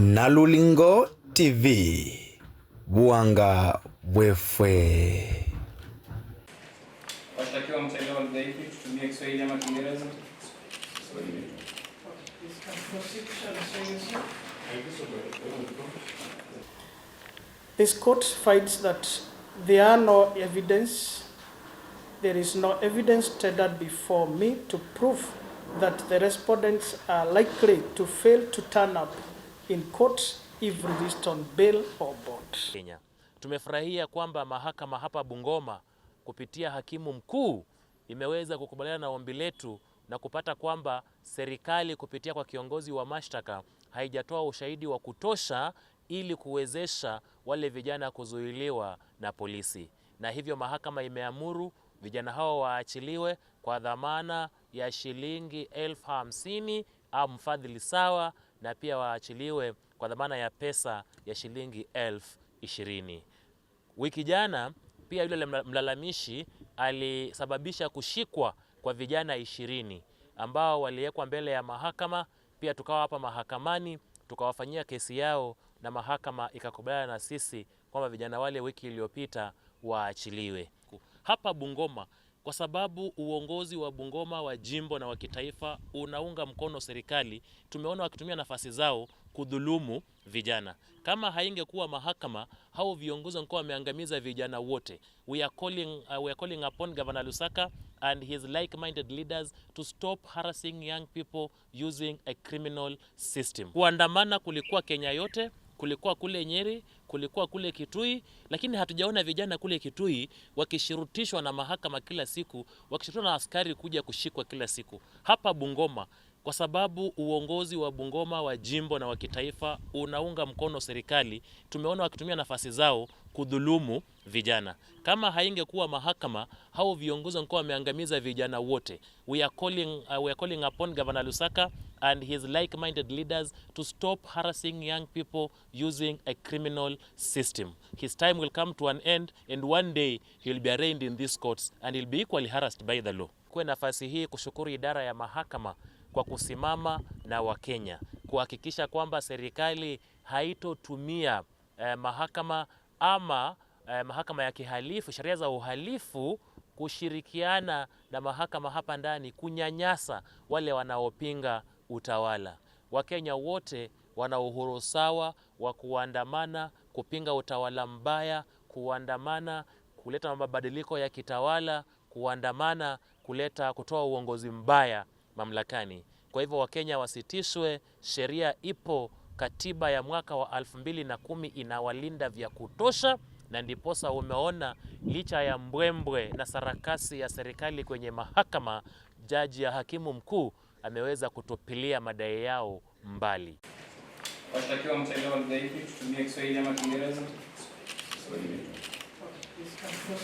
Nalulingo TV Buanga Bwefwe. This court finds that there are no evidence there is no evidence tendered before me to prove that the respondents are likely to fail to turn up in court if released on bail or bond. Kenya. Tumefurahia kwamba mahakama hapa Bungoma kupitia hakimu mkuu imeweza kukubaliana na ombi letu na kupata kwamba serikali kupitia kwa kiongozi wa mashtaka haijatoa ushahidi wa kutosha ili kuwezesha wale vijana kuzuiliwa na polisi, na hivyo mahakama imeamuru vijana hao waachiliwe kwa dhamana ya shilingi elfu hamsini au mfadhili sawa na pia waachiliwe kwa dhamana ya pesa ya shilingi elfu ishirini. Wiki jana pia yule mlalamishi alisababisha kushikwa kwa vijana ishirini ambao waliwekwa mbele ya mahakama, pia tukawa hapa mahakamani tukawafanyia kesi yao na mahakama ikakubaliana na sisi kwamba vijana wale wiki iliyopita waachiliwe. Hapa Bungoma kwa sababu uongozi wa Bungoma wa jimbo na wa kitaifa unaunga mkono serikali. Tumeona wakitumia nafasi zao kudhulumu vijana. Kama haingekuwa mahakama, hao viongozi wangekuwa wameangamiza vijana wote. We are calling, uh, we are calling upon Governor Lusaka and his like-minded leaders to stop harassing young people using a criminal system. Kuandamana kulikuwa Kenya yote kulikuwa kule Nyeri, kulikuwa kule Kitui, lakini hatujaona vijana kule Kitui wakishurutishwa na mahakama kila siku, wakishurutishwa na askari kuja kushikwa kila siku. Hapa Bungoma kwa sababu uongozi wa Bungoma wa jimbo na wa kitaifa unaunga mkono serikali, tumeona wakitumia nafasi zao kudhulumu vijana. Kama haingekuwa mahakama, hao viongozi wangekuwa wameangamiza vijana wote. We are calling, uh, we are calling upon Governor Lusaka and his like-minded leaders to stop harassing young people using a criminal system. His time will come to an end and one day he'll be arraigned in these courts and he'll be equally harassed by the law. Kwa nafasi hii kushukuru idara ya mahakama kwa kusimama na Wakenya kuhakikisha kwamba serikali haitotumia eh, mahakama ama eh, mahakama ya kihalifu, sheria za uhalifu kushirikiana na mahakama hapa ndani kunyanyasa wale wanaopinga utawala. Wakenya wote wana uhuru sawa wa kuandamana kupinga utawala mbaya, kuandamana kuleta mabadiliko ya kitawala, kuandamana kuleta kutoa uongozi mbaya mamlakani. Kwa hivyo Wakenya wasitishwe, sheria ipo, katiba ya mwaka wa 2010 inawalinda vya kutosha, na ndiposa umeona licha ya mbwembwe na sarakasi ya serikali kwenye mahakama, jaji ya hakimu mkuu ameweza kutupilia madai yao mbali. Washtakiwa mtaelewa wa ipi? kutumia Kiswahili ama Kiingereza?